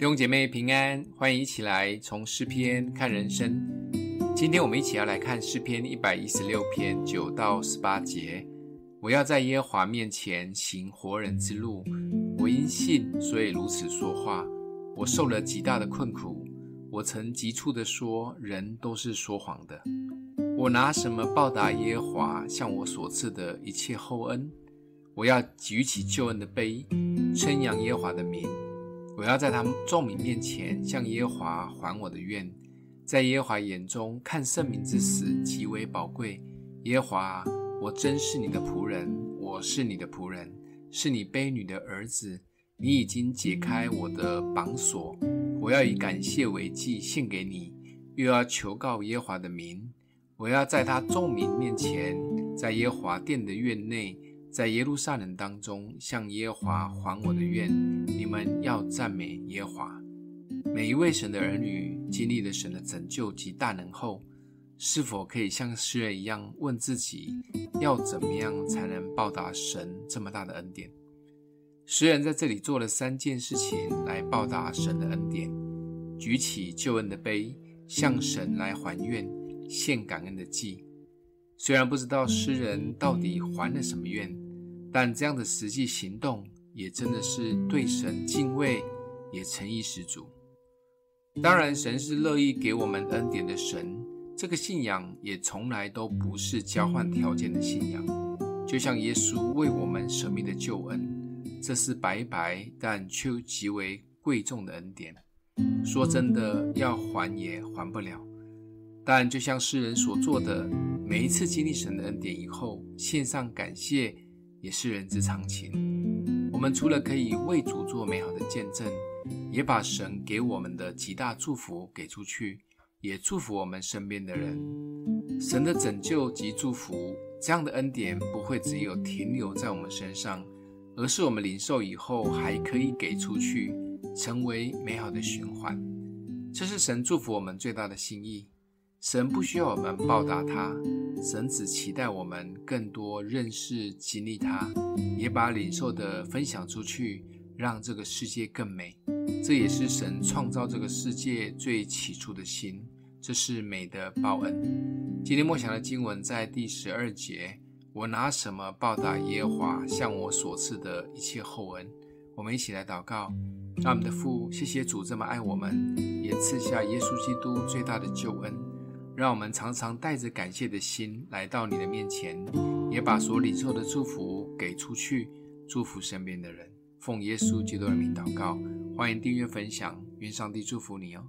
弟兄姐妹平安，歡迎一起來從詩篇看人生。今天我們一起要來看詩篇一百一十六篇九到十八節。我要在耶和華面前行活人之路，我因信所以如此說話。我受了極大的困苦，我曾急促地說：“人都是說謊的。”我拿什麼報答耶和華向我所賜的一切厚恩？我要舉起救恩的杯，稱揚耶和華的名。我要在他眾民面前向耶和華還我的願，在耶和華眼中，看聖民之死極為寶貴。耶和華，我真是你的僕人，我是你的僕人，是你婢女的兒子。你已經解開我的綁索，我要以感謝為祭獻給你，又要求告耶和華的名。我要在他眾民面前，在耶和華殿的院內。在耶路撒冷當中，向耶和華還我的願。你們要讚美耶和華。每一位神的兒女經歷了神的拯救及大能後，是否可以像詩人一樣問自己，要怎麼樣才能報答神這麼大的恩典？詩人在這裡做了三件事情來報答神的恩典：舉起救恩的杯，向神來還願，獻感恩的祭。雖然不知道詩人到底還了什麼願。但這樣的實際行動也真的是對神敬畏，也誠意十足。當然，神是樂意給我們恩典的神，這個信仰也從來都不是交換條件的信仰。就像耶穌為我們捨命的救恩，這是白白但卻極為貴重的恩典。說真的，要還也還不了。但就像詩人所做的，每一次經歷神的恩典以後，獻上感謝。也是人之常情。我們除了可以為主做美好的見證，也把神給我們的極大祝福給出去，也祝福我們身邊的人。神的拯救及祝福，這樣的恩典不會只有停留在我們身上，而是我們領受以後還可以給出去，成為美好的循環。這是神祝福我們最大的心意。神不需要我們報答他，神只期待我們更多認識、經歷他，也把領受的分享出去，讓這個世界更美。這也是神創造這個世界最起初的心，這是美的報恩。今天默想的經文在第十二節：“我拿什麼報答耶和華向我所賜的一切厚恩？”我們一起來禱告。愛我們的父，謝謝主這麼愛我們，也賜下耶穌基督最大的救恩。讓我們常常帶着感謝的心來到你的面前，也把所領受的祝福給出去，祝福身邊的人。奉耶穌基督的名禱告，歡迎訂閱分享，願上帝祝福你哦。